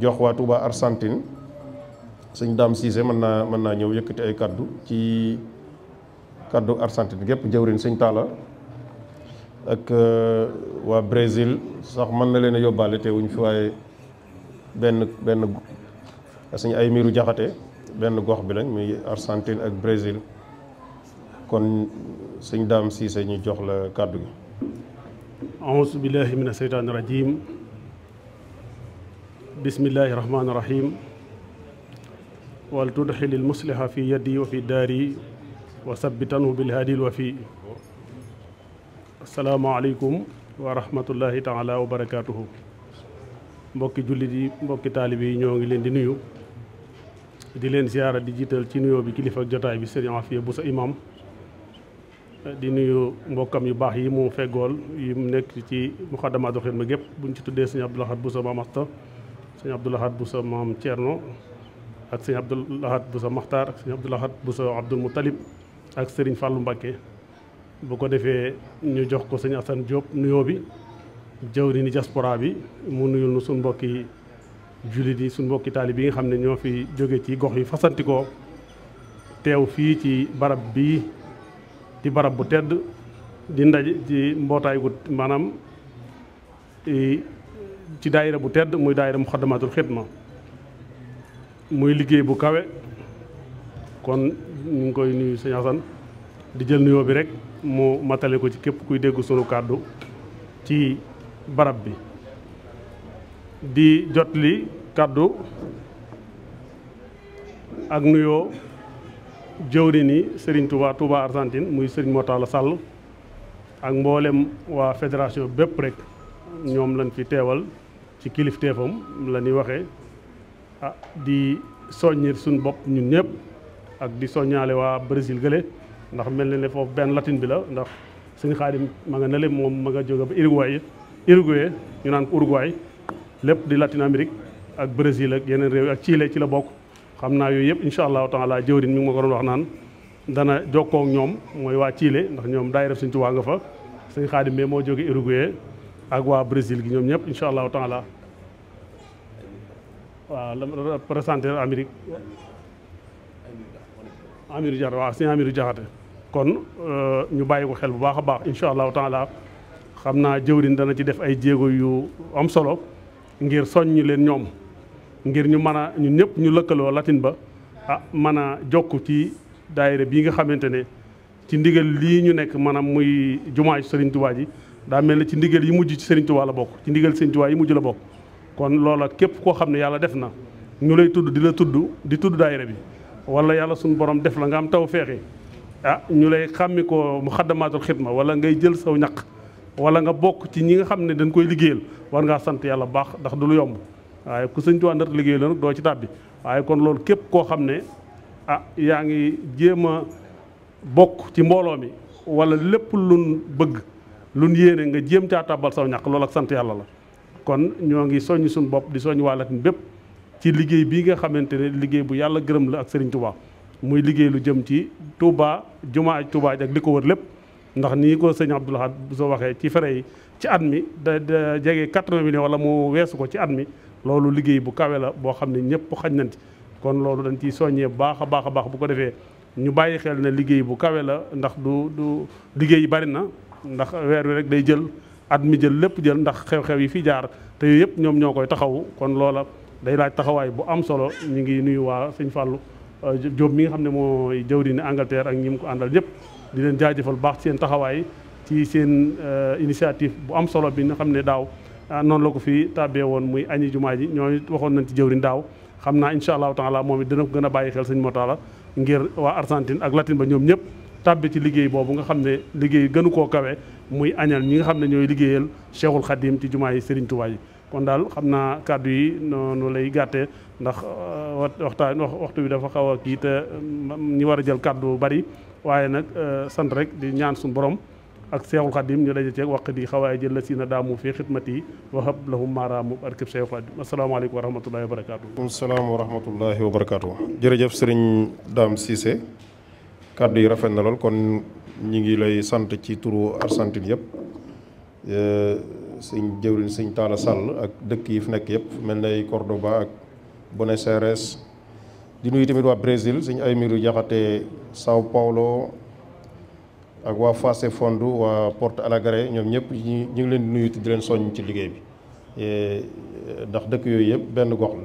jox waa Touba Argentine sëñ Dame Cissé mën naa mën naa ñëw yëkkati ay kàddu ci kaddu Argentine gépp jëwriñ sëñ Talla ak euh, waa Brésil sax mën na leen a yóbbaale te wuñ fi waaye benn benn ay miiru jaxate benn gox bi lañ muy Argentine ak Brésil kon sëñ Dame Cissé ñu jox la kàddu gi. aouzu bismillahi rahmaani rahim wal tudxilil musliha fi yadi wa fi daari wa sabbitanhu bilhaadil wa fi asalaamaaleykum wa rahmatullahi taala wa barakaatuhu mbokki jullit yi mbokki taalibe yi ñoo ngi leen di nuyu di leen ziyaara di jiital ci nuyoo bi kilifa ak jotaay bi sëriñ Afiya bu sa imam di nuyu mbokkam yu baax yi mu feggool yi mu nekk ci muxaddamaatul xidma gépp buñ ci tuddee sëriñ Abdul Ahad bu sa mamasta sëñ Abdou bu Bousso maam Thierno ak sëñ Abdou Lahad Bousso Makhtar ak sëñ Abdou Lahad Bousso Abdoul Moutalib ak sëriñ Fallou Mbacké bu ko defee ñu jox ko sëñ Assane Diop nuyoo bi jëwri ni diaspora bi mu nuyul nu suñ mbokki jullit yi suñ mbokki taalib yi nga xam ne ñoo fi jóge ci gox yi fasantikoo teew fii ci barab bii di barab bu tedd di ndaj ci mbootaay gu maanaam ci daayira bu tedd muy daayira Muxaddamatul Xidma muy liggéey bu kawe kon ñu koy nuyu sëñ di jël nuyoo bi rek mu matale ko ci képp kuy dégg sunu kàddu ci barab bi di jot li kàddu ak nuyoo jëwriñ ni sëriñ Touba Touba Argentine muy sëriñ Mortalla Sall ak mboolem waa fédération bépp rek ñoom lañ fi teewal ci kilifteefam la ñuy waxee ah di soññi suñ bopp ñun ñëpp ak di soññaale waa Brésil gële ndax mel na ne foofu benn latin bi la ndax suñu xaadim ma nga nele moom ma nga jóge ba Uruguay Uruguay ñu naan ko Uruguay lépp di Latin Amérique ak Brésil ak yeneen réew ak Chile ci la bokk xam naa yooyu yëpp incha allahu taala jëwriñ mi ngi ma ko doon wax naan dana jokkoo ñoom mooy waa Chile ndax ñoom daayira Sëñ Tuubaa nga fa ak waa Brésil gi ñoom ñëpp incha allah taala waaw la représenté Amérique Amirou Diakhaté kon euh, ñu bàyyi ko xel bu baax a baax incha allah taala xam naa jëwriñ dana ci def ay jéego yu am solo ngir soññ leen ñoom ngir ñu mën a ñun ñëpp ñu lëkkaloo latin ba ah mën a jokk ci daayira bii nga xamante ne ci ndigal lii ñu nekk maanaam muy jumaay Sëriñ Tuubaa ji daa mel ne ci ndigal yi mujj ci Serigne Touba la bokk ci ndigal Serigne Touba yi mujj la bokk kon loola képp koo xam ne yàlla def na ñu lay tudd di la tudd di tudd daayira bi wala yàlla suñu borom def la nga am taw feexe ah ñu lay xàmmi ko mu xaddamaatul ma wala ngay jël saw ñaq wala nga bokk ci ñi nga xam ne dañ koy liggéeyal war ngaa sant yàlla baax ndax du lu yomb waaye ku Serigne Touba ndar liggéeyal la nag doo ci tàbbi waaye kon loolu képp koo xam ne ah ngi jéem a bokk ci mbooloo mi wala lépp luñ bëgg lu nu nga jéem caa tàbbal saw ñàq loolu ak sant yàlla la kon ñoo ngi soññ suñu bopp di soññ waa Latine bépp ci liggéey bii nga xamante ne liggéey bu yàlla gërëm la ak sëriñ Touba muy liggéey lu jëm ci tuubaa jumaa aj Touba ak li ko wër lépp ndax nii ko sëñ Abdou Lahad bu soo waxee ci fere yi ci at mi da da jege 80 millions wala mu weesu ko ci at mi loolu liggéey bu kawe la boo xam ne ñëpp xañ nañ ci kon loolu dañ ciy soññee baax a baax a baax bu ko defee ñu bàyyi xel ne liggéey bu kawe la ndax du du liggéey yi bari na ndax weer wi rek day jël at mi jël lépp jël ndax xew-xew yi fi jaar te yooyu yëpp ñoom ñoo koy taxawu kon loola day laaj taxawaay bu am solo ñu ngi nuyu waa sëñ Fallou Diop euh, mi nga xam ne mooy jëwriñu Angleterre ak ñi ko àndal ñëpp di leen jaajëfal baax seen taxawaay ci seen euh, initiative bu am solo bi nga xam ne daaw ah, noonu la ko fi tàbbee woon muy añi jumaa ji ñooñu waxoon nañ ci jëwriñ daaw xam naa incha allahu taala moom it dina gën a bàyyi xel sëñ Motala ngir waa Argentine ba ñoom ñëpp tàbbi ci liggéey boobu nga xam ne liggéey gënu koo kawe muy añal ñi nga xam ne ñooy liggéeyal Cheikhul Khadim ci jumaa yi Serigne Touba yi kon daal xam naa kàddu yi noonu lay gàtte ndax euh, waxtaan waxtu bi dafa xaw a kii te euh, ñi war a jël kàddu bari waaye nag euh, sant rek di ñaan suñu borom ak Cheikhul Khadim ñu daje ceeg waqt yi xawaay jël la si na daamu fii xidmati yi wahab lahum maaraamu barkib Cheikhul Khadim asalaamaaleykum wa rahmatullahi wa barakaatu. salaam wa rahmatullahi jërëjëf Serigne Dame Cissé. kàddu yi rafet na lool kon ñi ngi lay sant ci turu Argentine yëpp e, sëñ jëwriñ sëñ Talla Sall ak dëkk yi fi nekk yëpp mel nay Cordoba ak Buenos Aires di nuyu tamit waa Brésil sëñ Aymérou Jaxate Sao Paulo ak waa Fase fond waa Porto Alegre ñoom ñëpp ñu ngi leen di nuyu di leen soññ ci liggéey bi e, ndax dëkk yooyu yëpp benn gox la